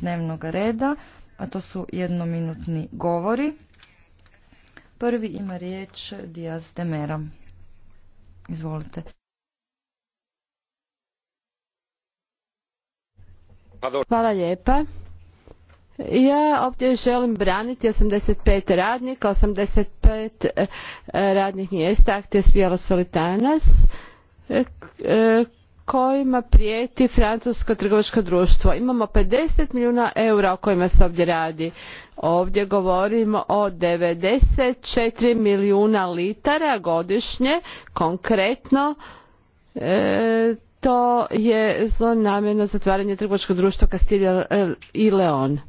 dnevnog reda, a to su jednominutni govori. Prvi ima riječ Dijaz Demera. Izvolite. Hvala lijepa. Ja ovdje želim braniti 85 radnika, 85 eh, radnih mjesta, akcija Spijala Solitanas, eh, kojima prijeti francusko trgovačko društvo. Imamo 50 milijuna eura o kojima se ovdje radi. Ovdje govorimo o 94 milijuna litara godišnje, konkretno e, to je zlonamjerno zatvaranje trgovačkog društva Castilla i Leon.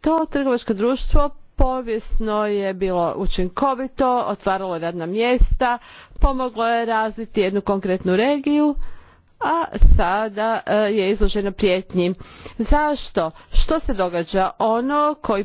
To trgovačko društvo povijesno je bilo učinkovito otvaralo radna mjesta pomoglo je razviti jednu konkretnu regiju a sada e, je izloženo prijetnji. zašto? što se događa? ono koji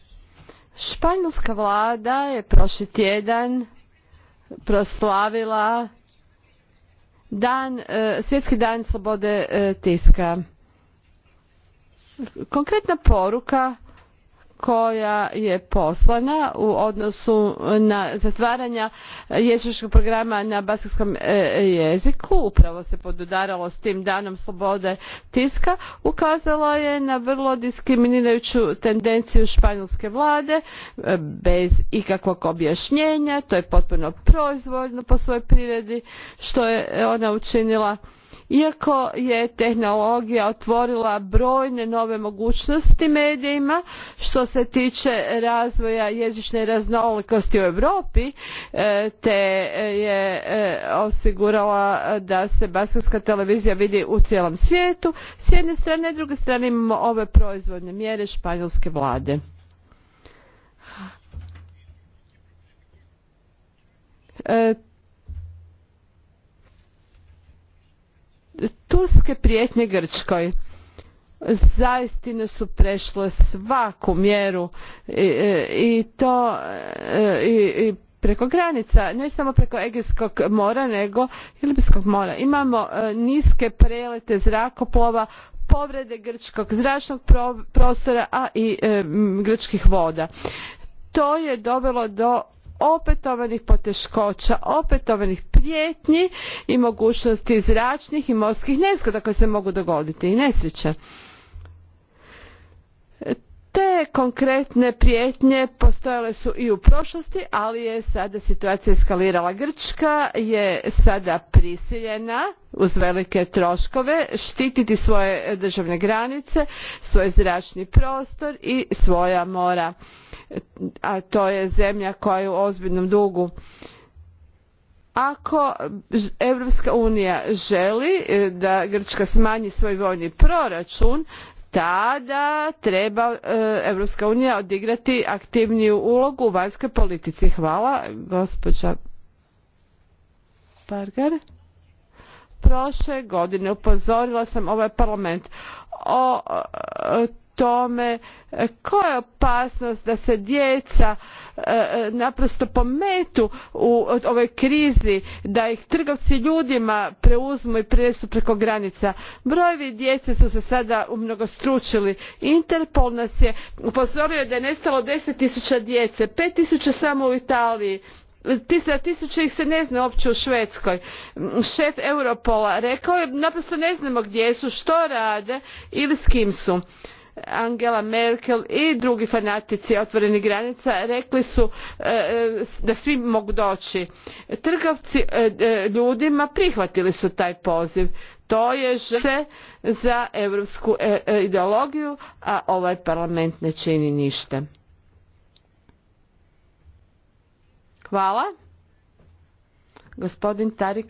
Španjolska vlada je prošli tjedan proslavila dan, e, svjetski dan slobode e, tiska. Konkretna poruka koja je poslana u odnosu na zatvaranja jezičnog programa na baskijskom e, jeziku upravo se podudaralo s tim danom slobode tiska ukazala je na vrlo diskriminirajuću tendenciju španjolske vlade e, bez ikakvog objašnjenja to je potpuno proizvoljno po svojoj prirodi što je ona učinila iako je tehnologija otvorila brojne nove mogućnosti medijima što se tiče razvoja jezične raznolikosti u europi e, te e, je e, osigurala da se baskijska televizija vidi u cijelom svijetu s jedne strane s druge strane imamo ove proizvodne mjere španjolske vlade turske prijetnje grčkoj zaistine su prešle svaku mjeru i, e, to e, i, preko granica ne samo preko egejskog mora nego i libijskog mora imamo e, niske prelete zrakoplova povrede grčkog zračnog prostora a i grčkih voda to je dovelo do opetovanih poteškoća opetovanih prijetnji i mogućnosti zračnih i morskih nezgoda koje se mogu dogoditi i nesreće. te konkretne prijetnje postojale su i u prošlosti ali je sada situacija eskalirala grčka je sada prisiljena uz velike troškove štititi svoje državne granice svoj zračni prostor i svoja mora a to je zemlja koja je u ozbiljnom dugu ako europska unija želi e, da grčka smanji svoj vojni proračun tada treba europska unija odigrati aktivniju ulogu u vanjskoj politici. hvala gospođa pargar. prošle godine upozorila sam ovaj parlament o tome e, koja je opasnost da se djeca e, e, naprosto pometu u ovoj krizi da ih trgovci ljudima preuzmu i prenesu preko granica. brojevi djece su se sada umnogostručili. interpol nas je upozorio da je nestalo deset tisuća djece pet tisuća samo u italiji za tisuće ih se ne zna uopće u švedskoj. šef europola rekao je naprosto ne znamo gdje su što rade ili s kim su. Angela Merkel i drugi fanatici otvorenih granica rekli su e, e, da svi mogu doći. Trgovci e, ljudima prihvatili su taj poziv. To je žrtve za europsku ideologiju, a ovaj parlament ne čini ništa. Hvala. Gospodin Tari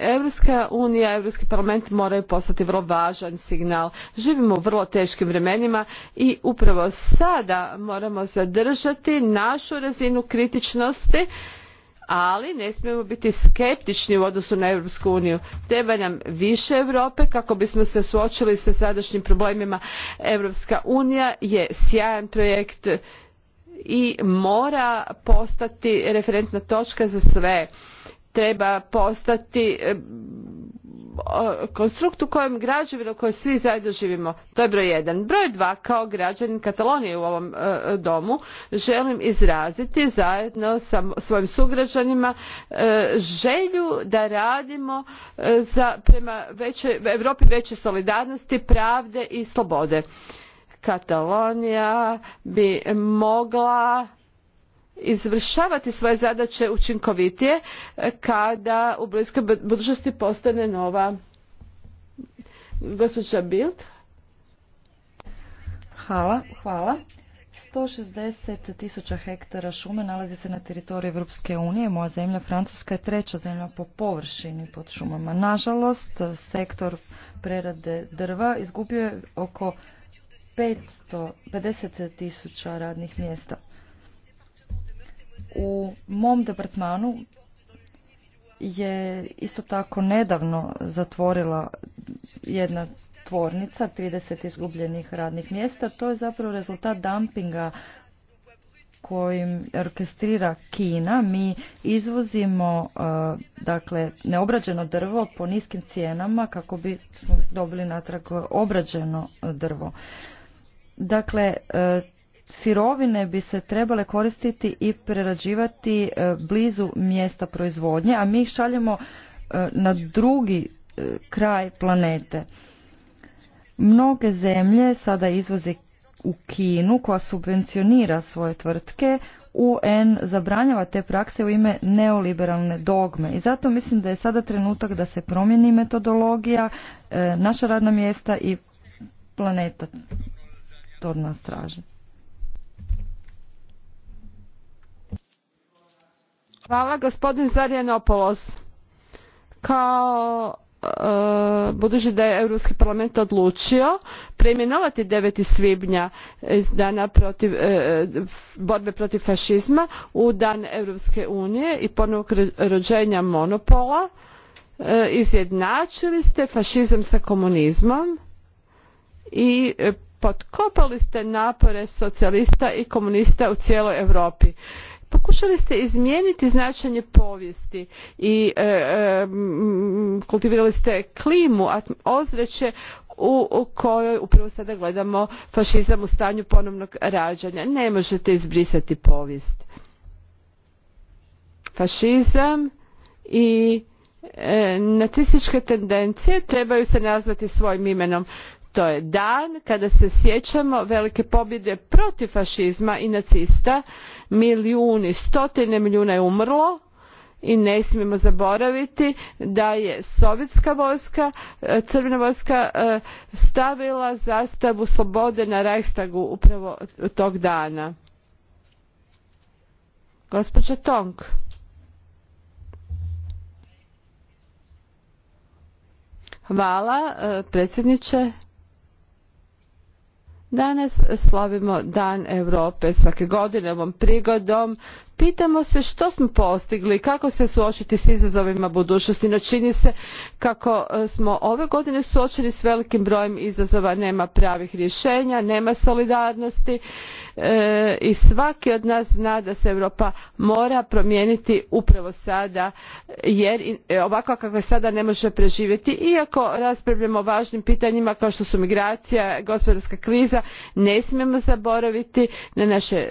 Europska e, unija, Europski parlament moraju postati vrlo važan signal. Živimo u vrlo teškim vremenima i upravo sada moramo zadržati našu razinu kritičnosti ali ne smijemo biti skeptični u odnosu na europsku uniju treba nam više europe kako bismo se suočili sa sadašnjim problemima europska unija je sjajan projekt i mora postati referentna točka za sve treba postati e, konstrukt u kojem građevina u kojoj svi zajedno živimo. To je broj jedan. Broj dva, kao građanin Katalonije u ovom e, domu, želim izraziti zajedno sa svojim sugrađanima e, želju da radimo za, prema veće, Europi veće solidarnosti, pravde i slobode. Katalonija bi mogla izvršavati svoje zadaće učinkovitije e, kada u bliskoj budućnosti postane nova gospođa Bild. Hvala, hvala. 160 tisuća hektara šume nalazi se na teritoriju Europske unije. Moja zemlja Francuska je treća zemlja po površini pod šumama. Nažalost, sektor prerade drva izgubio je oko 550 tisuća radnih mjesta. U mom departmanu je isto tako nedavno zatvorila jedna tvornica, 30 izgubljenih radnih mjesta. To je zapravo rezultat dumpinga kojim orkestrira Kina. Mi izvozimo e, dakle neobrađeno drvo po niskim cijenama kako bi dobili natrag obrađeno drvo. Dakle, e, sirovine bi se trebale koristiti i prerađivati e, blizu mjesta proizvodnje, a mi ih šaljemo e, na drugi e, kraj planete. Mnoge zemlje sada izvoze u Kinu koja subvencionira svoje tvrtke, UN zabranjava te prakse u ime neoliberalne dogme i zato mislim da je sada trenutak da se promijeni metodologija, naša radna mjesta i planeta to od nas traži. Hvala gospodin Zarijanopoulos. Kao e, budući da je Europski parlament odlučio preimenovati 9. svibnja iz dana protiv, e, borbe protiv fašizma u dan Europske unije i ponovnog rođenja monopola e, izjednačili ste fašizam sa komunizmom i potkopali ste napore socijalista i komunista u cijeloj Europi Pokušali ste izmijeniti značenje povijesti i e, e, kultivirali ste klimu, ozračje u kojoj upravo sada gledamo fašizam u stanju ponovnog rađanja. Ne možete izbrisati povijest. Fašizam i e, nacističke tendencije trebaju se nazvati svojim imenom to je dan kada se sjećamo velike pobjede protiv fašizma i nacista milijuni stotine milijuna je umrlo i ne smijemo zaboraviti da je sovjetska vojska e, crvena vojska e, stavila zastavu slobode na reichstagu upravo tog dana gospođa tong hvala e, predsjedniče Danas slavimo Dan Europe svake godine ovom prigodom Pitamo se što smo postigli, kako se suočiti s izazovima budućnosti. No čini se kako e, smo ove godine suočeni s velikim brojem izazova, nema pravih rješenja, nema solidarnosti e, i svaki od nas zna da se Europa mora promijeniti upravo sada jer e, ovako kako je sada ne može preživjeti. Iako raspravljamo o važnim pitanjima kao što su migracija, gospodarska kriza, ne smijemo zaboraviti na naše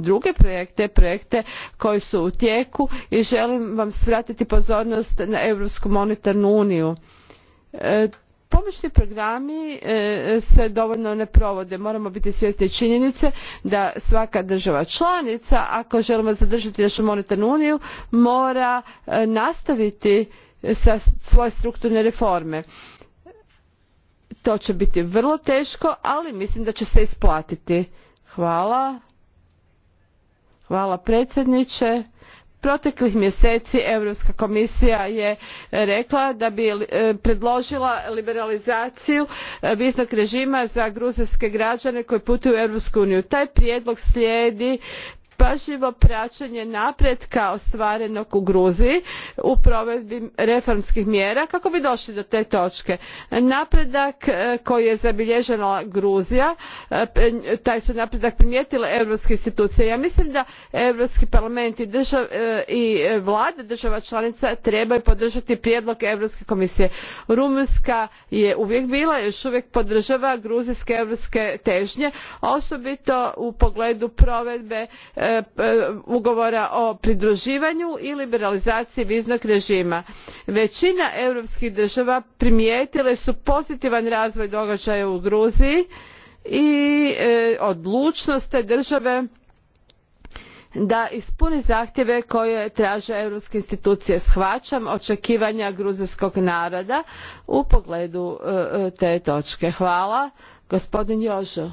druge projekte, projekte koji su u tijeku i želim vam svratiti pozornost na europsku monetarnu uniju e, pomoćni programi e, se dovoljno ne provode moramo biti svjesni činjenice da svaka država članica ako želimo zadržati našu monetarnu uniju mora e, nastaviti sa svoje strukturne reforme to će biti vrlo teško ali mislim da će se isplatiti hvala Hvala predsjedniče. Proteklih mjeseci Europska komisija je e, rekla da bi e, predložila liberalizaciju e, viznog režima za gruzijske građane koji putuju u Europsku uniju. Taj prijedlog slijedi pažljivo praćenje napretka ostvarenog u gruziji u provedbi reformskih mjera kako bi došli do te točke. napredak e, koji je zabilježila gruzija e, e, taj su napredak primijetile europske institucije. ja mislim da europski parlament i, vlada vlade država članica trebaju podržati prijedlog europske komisije. rumunjska je uvijek bila i još uvijek podržava gruzijske europske težnje osobito u pogledu provedbe E, e, ugovora o pridruživanju i liberalizaciji viznog režima. većina europskih država primijetile su pozitivan razvoj događaja u gruziji i e, odlučnost te države da ispuni zahtjeve koje traže europske institucije. shvaćam očekivanja gruzijskog naroda u pogledu te točke. hvala. gospodin jožo.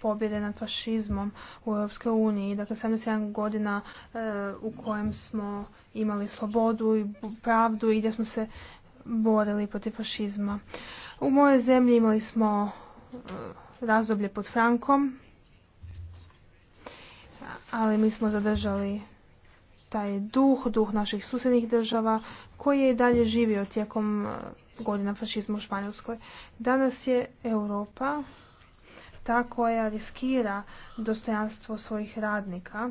pobjede nad fašizmom u Europskoj uniji. Dakle, 71 godina eh, u kojem smo imali slobodu i pravdu i gdje smo se borili protiv fašizma. U mojoj zemlji imali smo eh, razdoblje pod Frankom, ali mi smo zadržali taj duh, duh naših susjednih država koji je i dalje živio tijekom eh, godina fašizma u Španjolskoj. Danas je Europa ta koja riskira dostojanstvo svojih radnika,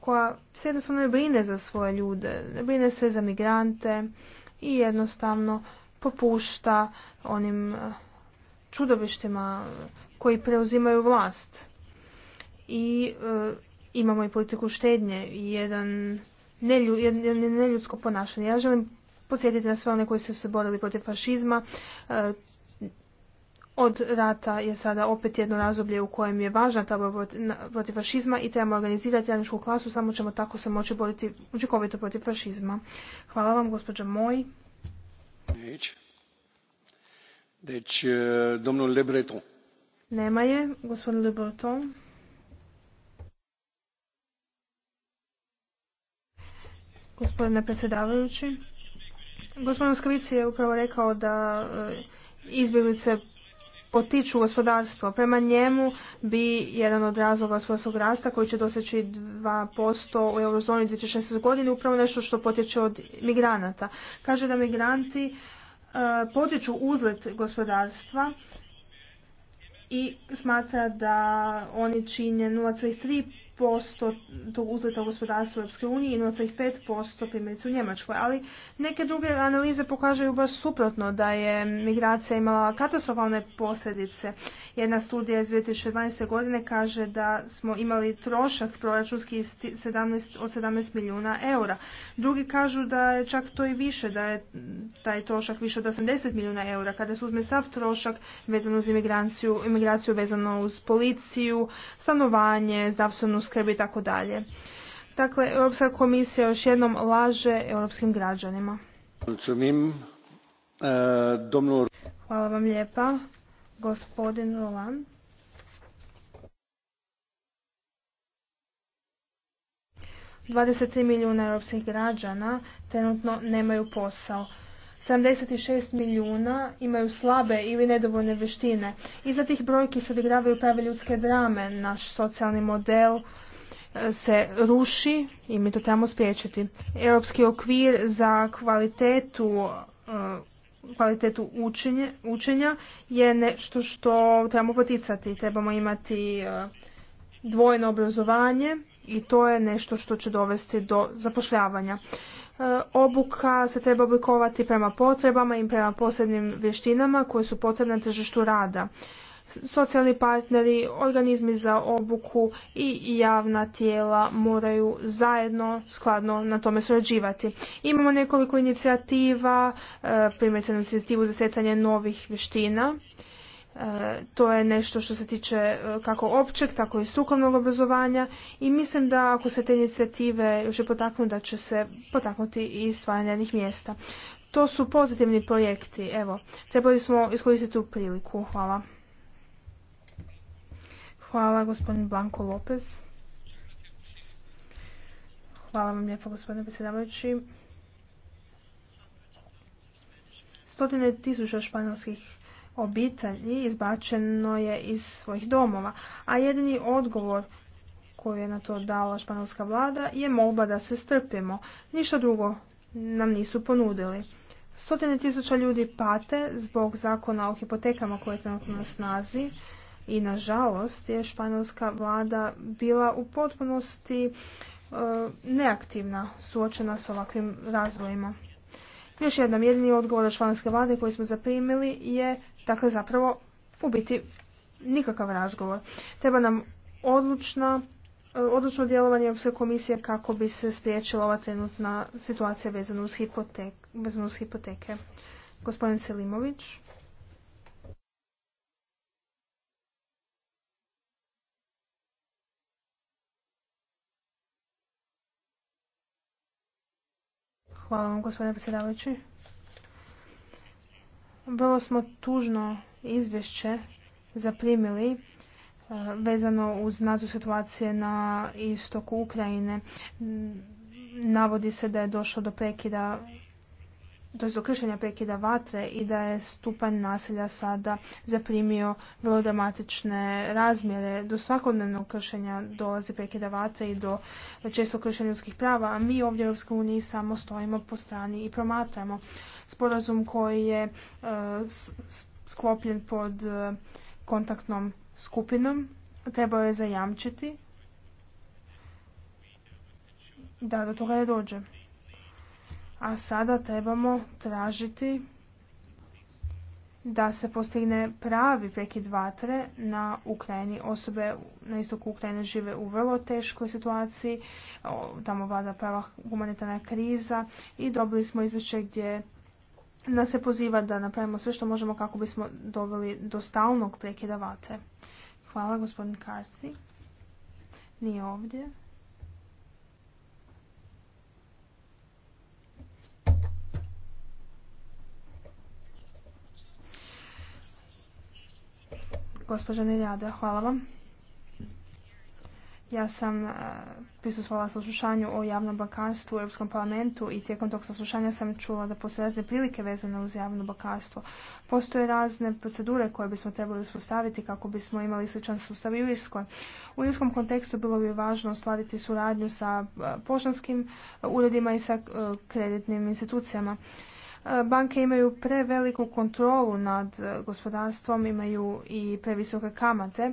koja se jednostavno ne brine za svoje ljude, ne brine se za migrante i jednostavno popušta onim eh, čudovištima koji preuzimaju vlast. I eh, imamo i politiku štednje i jedan neljudsko ponašanje. Ja želim podsjetiti na sve one koji su se borili protiv fašizma, eh, od rata je sada opet jedno razoblje u kojem je važna ta protiv fašizma i trebamo organizirati radničku klasu, samo ćemo tako se moći boriti učinkovito protiv fašizma. Hvala vam, gospođa Moj. Deci, e, domnul Le Nema je, gospodin Le Breton. Gospodine predsjedavajući, gospodin Skrici je upravo rekao da e, izbjeglice potiču gospodarstvo. Prema njemu bi jedan od razloga gospodarskog rasta koji će doseći 2% u eurozoni 2016. godine upravo nešto što potječe od migranata. Kaže da migranti e, potiču uzlet gospodarstva i smatra da oni čine 0,3 posto tog uzleta u Europske unije i 0,5% primjerice u Njemačkoj. Ali neke druge analize pokažaju baš suprotno da je migracija imala katastrofalne posljedice jedna studija iz 2012. godine kaže da smo imali trošak proračunski od 17 milijuna eura. Drugi kažu da je čak to i više, da je taj trošak više od 80 milijuna eura. Kada se uzme sav trošak vezano uz imigraciju, imigraciju vezano uz policiju, stanovanje, zdravstvenu skrb i tako dalje. Dakle, Europska komisija još jednom laže europskim građanima. E, Hvala vam lijepa. Gospodin Roland. Dvadeset milijuna europskih građana trenutno nemaju posao. 76 milijuna imaju slabe ili nedovoljne vještine. Iza tih brojki se odigravaju prave ljudske drame. Naš socijalni model e, se ruši i mi to trebamo spriječiti. Europski okvir za kvalitetu e, kvalitetu učenje, učenja je nešto što trebamo poticati. Trebamo imati e, dvojno obrazovanje i to je nešto što će dovesti do zapošljavanja. E, obuka se treba oblikovati prema potrebama i prema posebnim vještinama koje su potrebne na tržištu rada socijalni partneri, organizmi za obuku i javna tijela moraju zajedno skladno na tome surađivati. Imamo nekoliko inicijativa, e, primjerice inicijativu za stjecanje novih vještina. E, to je nešto što se tiče e, kako općeg, tako i strukovnog obrazovanja i mislim da ako se te inicijative još je potaknu, da će se potaknuti i stvaranje mjesta. To su pozitivni projekti, evo, trebali smo iskoristiti tu priliku. Hvala. Hvala gospodin Blanko Lopez. Hvala vam lijepo gospodine predsjedavajući. Stotine tisuća španjolskih obitelji izbačeno je iz svojih domova, a jedini odgovor koji je na to dala španjolska vlada je molba da se strpimo. Ništa drugo nam nisu ponudili. Stotine tisuća ljudi pate zbog zakona o hipotekama koje je trenutno na snazi, i nažalost je španjolska vlada bila u potpunosti e, neaktivna suočena s ovakvim razvojima. Još jednom jedini odgovor od španjolske vlade koji smo zaprimili je dakle zapravo u biti nikakav razgovor. Treba nam odlučna e, odlučno djelovanje Europske komisije kako bi se spriječila ova trenutna situacija vezana uz, vezana uz hipoteke. Gospodin Selimović. Hvala vam, gospodine predsjedavajući. Vrlo smo tužno izvješće zaprimili e, vezano uz nadzor situacije na istoku Ukrajine. Navodi se da je došlo do prekida to je do kršenja prekida vatre i da je stupanj nasilja sada zaprimio vrlo dramatične razmjere. Do svakodnevnog kršenja dolazi prekida vatre i do često kršenja ljudskih prava, a mi ovdje u Europskoj uniji samo stojimo po strani i promatramo. Sporazum koji je e, sklopljen pod e, kontaktnom skupinom trebao je zajamčiti da do toga ne dođe a sada trebamo tražiti da se postigne pravi prekid vatre na Ukrajini. Osobe na istoku Ukrajine žive u vrlo teškoj situaciji, tamo vlada prava humanitarna kriza i dobili smo izvješće gdje nas se poziva da napravimo sve što možemo kako bismo doveli do stalnog prekida vatre. Hvala gospodin Karci. Nije ovdje. Gospođa Niljada, hvala vam. Ja sam e, prisustvala saslušanju o javnom bankarstvu u Europskom parlamentu i tijekom tog saslušanja sam čula da postoje razne prilike vezane uz javno bankarstvo. Postoje razne procedure koje bismo trebali uspostaviti kako bismo imali sličan sustav i u Irskoj. U irskom kontekstu bilo bi važno ostvariti suradnju sa e, poštanskim e, uredima i sa kreditnim institucijama banke imaju preveliku kontrolu nad gospodarstvom, imaju i previsoke kamate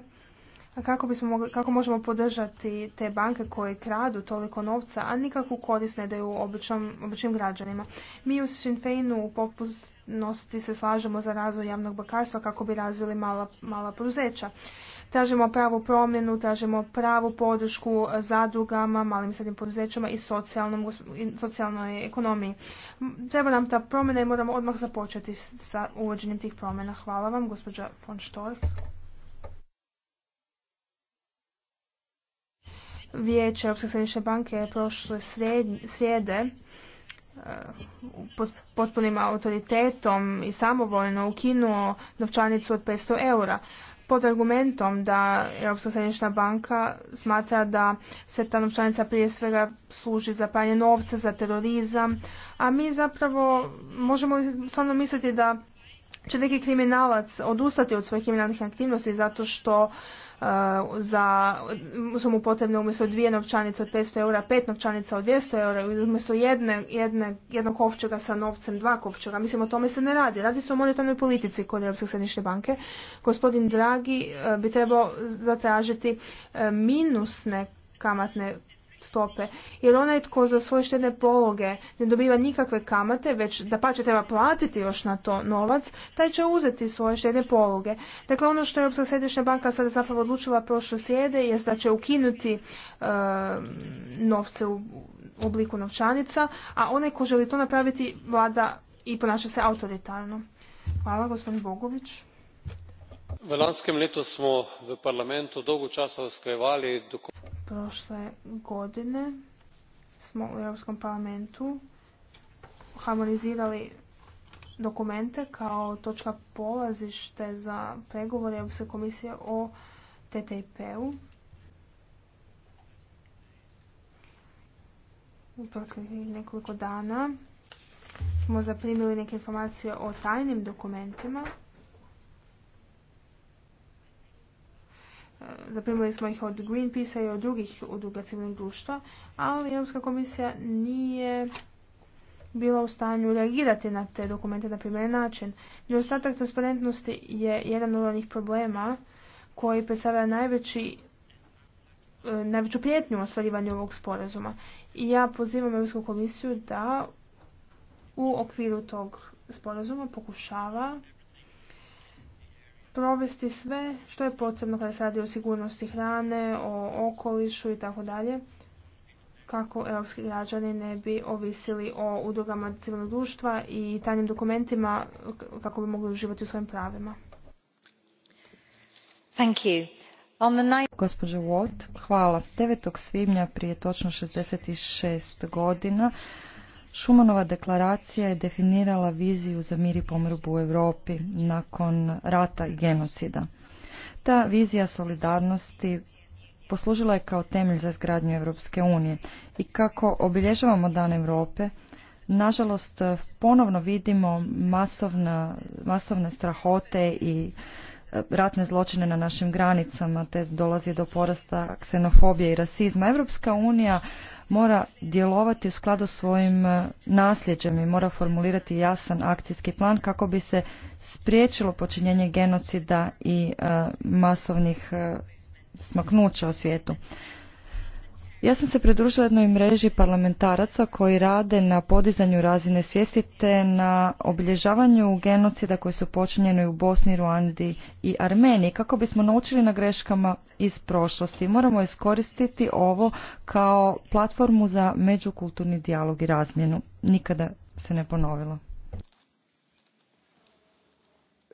kako, bismo mogli, kako možemo podržati te banke koje kradu toliko novca, a nikakvu korist ne daju običnom, običnim građanima. Mi u Sinn u popusnosti se slažemo za razvoj javnog bakarstva kako bi razvili mala, mala poduzeća. Tražimo pravu promjenu, tražimo pravu podršku zadrugama, malim i srednjim poduzećima i socijalnoj ekonomiji. Treba nam ta promjena i moramo odmah započeti sa uvođenjem tih promjena. Hvala vam, gospođa von Storch. Vijeće Europske središnje banke je prošle srijede e, pod potpunim autoritetom i samovoljno ukinuo novčanicu od 500 eura pod argumentom da Europska središnja banka smatra da se ta novčanica prije svega služi za panje novca, za terorizam, a mi zapravo možemo samo misliti da će neki kriminalac odustati od svojih kriminalnih aktivnosti zato što Eh, za, su mu potrebne umjesto dvije novčanice od 500 eura, pet novčanica od 200 eura, umjesto jedne, jedne, jednog kovčega sa novcem, dva kovčega. Mislim, o tome se ne radi. Radi se o monetarnoj politici kod Europske središnje banke. Gospodin Dragi eh, bi trebao zatražiti eh, minusne kamatne stope. Jer onaj tko za svoje štedne pologe ne dobiva nikakve kamate, već da pa će treba platiti još na to novac, taj će uzeti svoje štedne pologe. Dakle, ono što je Europska središnja banka sada zapravo odlučila prošle sjede je da će ukinuti ehm, novce u obliku novčanica, a onaj ko želi to napraviti vlada i ponaša se autoritarno. Hvala, gospodin Bogović v letu smo v parlamentu dugo časa usklajevali prošle godine smo u europskom parlamentu harmonizirali dokumente kao točka polazište za pregovore Europske komisije o TTIP-u. U nekoliko dana smo zaprimili neke informacije o tajnim dokumentima zaprimili smo ih od Greenpeace-a i od drugih udruga civilnog društva, ali Europska komisija nije bila u stanju reagirati na te dokumente na primjer način. Nedostatak transparentnosti je jedan od onih problema koji predstavlja najveći e, najveću prijetnju u ostvarivanju ovog sporazuma. I ja pozivam Europsku komisiju da u okviru tog sporazuma pokušava provesti sve što je potrebno kada se radi o sigurnosti hrane, o okolišu i tako dalje, kako europski građani ne bi ovisili o udrugama civilnog društva i tajnim dokumentima kako bi mogli uživati u svojim pravima. Thank you. Watt, hvala. 9. svibnja prije točno 66 godina Šumanova deklaracija je definirala viziju za mir i pomrbu u Europi nakon rata i genocida. Ta vizija solidarnosti poslužila je kao temelj za izgradnju Europske unije i kako obilježavamo Dan Europe, nažalost ponovno vidimo masovna, masovne strahote i e, ratne zločine na našim granicama, te dolazi do porasta ksenofobije i rasizma. Europska unija mora djelovati u skladu svojim e, nasljeđem i mora formulirati jasan akcijski plan kako bi se spriječilo počinjenje genocida i e, masovnih e, smaknuća u svijetu. Ja sam se pridružila jednoj mreži parlamentaraca koji rade na podizanju razine svijesti te na obilježavanju genocida koji su počinjeni u Bosni, Ruandi i Armeniji kako bismo naučili na greškama iz prošlosti. Moramo iskoristiti ovo kao platformu za međukulturni dijalog i razmjenu. Nikada se ne ponovilo.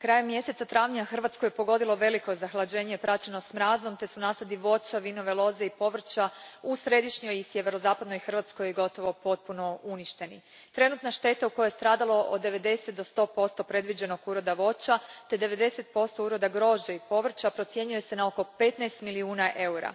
krajem mjeseca travnja hrvatsku je pogodilo veliko zahlaenje praćeno smrazom te su nasadi voća vinove loze i povrća u središnjoj i sjeverozapadnoj hrvatskoj gotovo potpuno uništeni. trenutna šteta u kojoj je stradalo od ninety do one hundred uroda voća te ninety uroda grožđa i povrća procjenjuje se na oko fifteen milijuna eura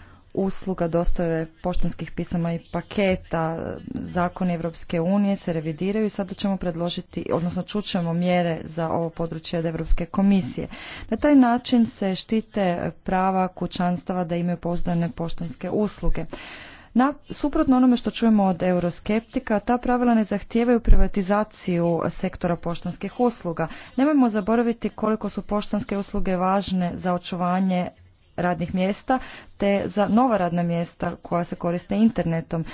usluga dostave poštanskih pisama i paketa, zakoni Evropske unije se revidiraju i sada ćemo predložiti, odnosno čućemo mjere za ovo područje od Europske komisije. Na taj način se štite prava kućanstava da imaju pozdane poštanske usluge. Na, suprotno onome što čujemo od euroskeptika, ta pravila ne zahtijevaju privatizaciju sektora poštanskih usluga. Nemojmo zaboraviti koliko su poštanske usluge važne za očuvanje radnih mjesta te za nova radna mjesta koja se koriste internetom.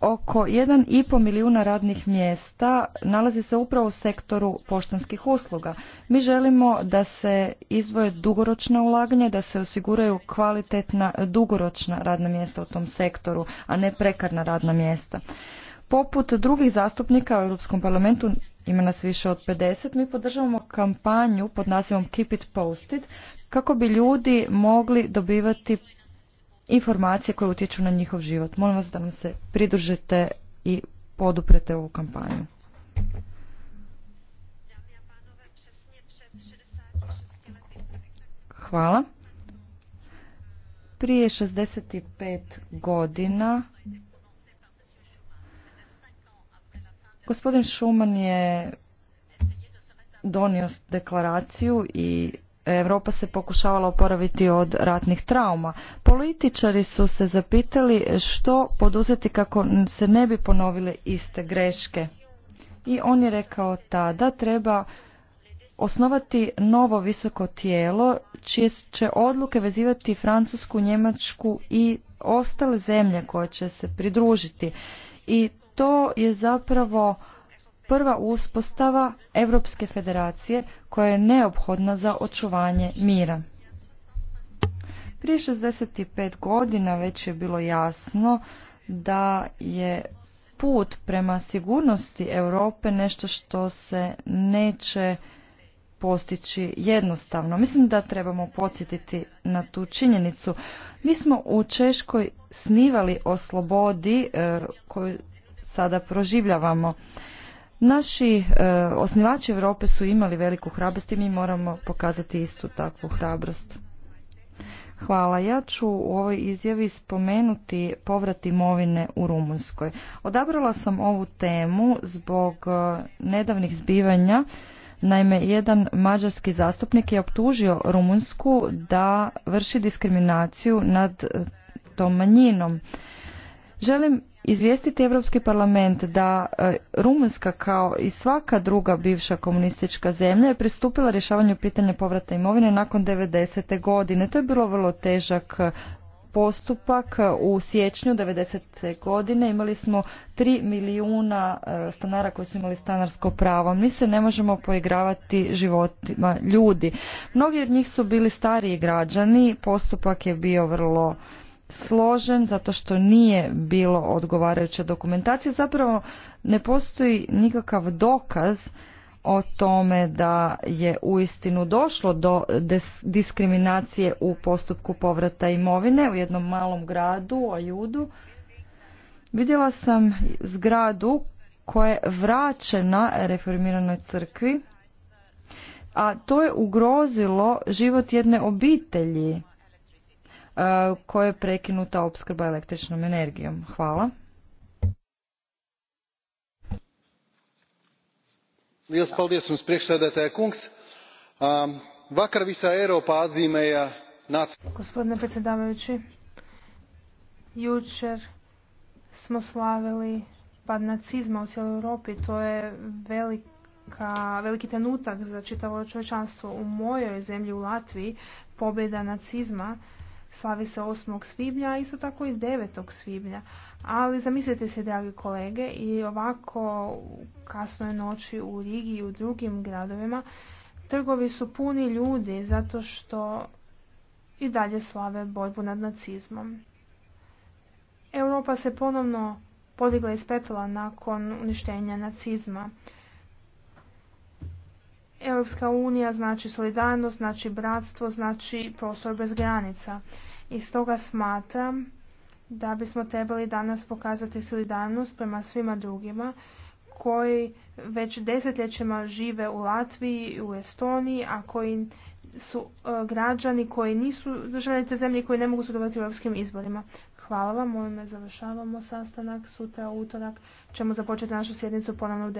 Oko 1,5 milijuna radnih mjesta nalazi se upravo u sektoru poštanskih usluga. Mi želimo da se izvoje dugoročna ulaganja, da se osiguraju kvalitetna dugoročna radna mjesta u tom sektoru, a ne prekarna radna mjesta. Poput drugih zastupnika u Europskom parlamentu ima nas više od 50, mi podržavamo kampanju pod nazivom Keep it posted kako bi ljudi mogli dobivati informacije koje utječu na njihov život. Molim vas da nam se pridružite i poduprete ovu kampanju. Hvala. Prije 65 godina Gospodin Šuman je donio deklaraciju i Europa se pokušavala oporaviti od ratnih trauma. Političari su se zapitali što poduzeti kako se ne bi ponovile iste greške. I on je rekao tada treba osnovati novo visoko tijelo čije će odluke vezivati Francusku, Njemačku i ostale zemlje koje će se pridružiti. I to je zapravo prva uspostava Europske federacije koja je neophodna za očuvanje mira. Prije 65 godina već je bilo jasno da je put prema sigurnosti Europe nešto što se neće postići jednostavno. Mislim da trebamo podsjetiti na tu činjenicu. Mi smo u Češkoj snivali o slobodi e, koju sada proživljavamo. Naši e, osnivači Europe su imali veliku hrabrost i mi moramo pokazati istu takvu hrabrost. Hvala. Ja ću u ovoj izjavi spomenuti povrat imovine u Rumunskoj. Odabrala sam ovu temu zbog e, nedavnih zbivanja. Naime, jedan mađarski zastupnik je optužio Rumunsku da vrši diskriminaciju nad e, tom manjinom. Želim izvijestiti Europski parlament da e, Rumunjska kao i svaka druga bivša komunistička zemlja je pristupila rješavanju pitanja povrata imovine nakon 90. godine. To je bilo vrlo težak e, postupak e, u siječnju 90. godine imali smo 3 milijuna stanara koji su imali stanarsko pravo. Mi se ne možemo poigravati životima ljudi. Mnogi od njih su bili stariji građani, postupak je bio vrlo složen zato što nije bilo odgovarajuće dokumentacije. Zapravo ne postoji nikakav dokaz o tome da je uistinu došlo do diskriminacije u postupku povrata imovine u jednom malom gradu, Judu. Vidjela sam zgradu koja je vraćena reformiranoj crkvi, a to je ugrozilo život jedne obitelji E, koje je prekinuta opskrba električnom energijom. Hvala. sam paldies jums priekšsēdētāja kungs. vakar visā Eiropā atzīmēja Gospodine predsjedavajući, jučer smo slavili pad nacizma u cijeloj Europi. To je velika, veliki trenutak za čitavo čovječanstvo. U mojoj zemlji, u Latviji, pobjeda nacizma slavi se 8. svibnja, a isto tako i 9. svibnja. Ali zamislite se, dragi kolege, i ovako u kasnoj noći u Rigi i u drugim gradovima trgovi su puni ljudi zato što i dalje slave borbu nad nacizmom. Europa se ponovno podigla iz pepela nakon uništenja nacizma. Europska unija znači solidarnost, znači bratstvo, znači prostor bez granica i stoga smatram da bismo trebali danas pokazati solidarnost prema svima drugima koji već desetljećima žive u Latviji i u Estoniji, a koji su e, građani koji nisu državljani te zemlje i koji ne mogu sudjelovati u europskim izborima. Hvala vam, ovime završavamo sastanak. Sutra, utorak, ćemo započeti našu sjednicu ponovno u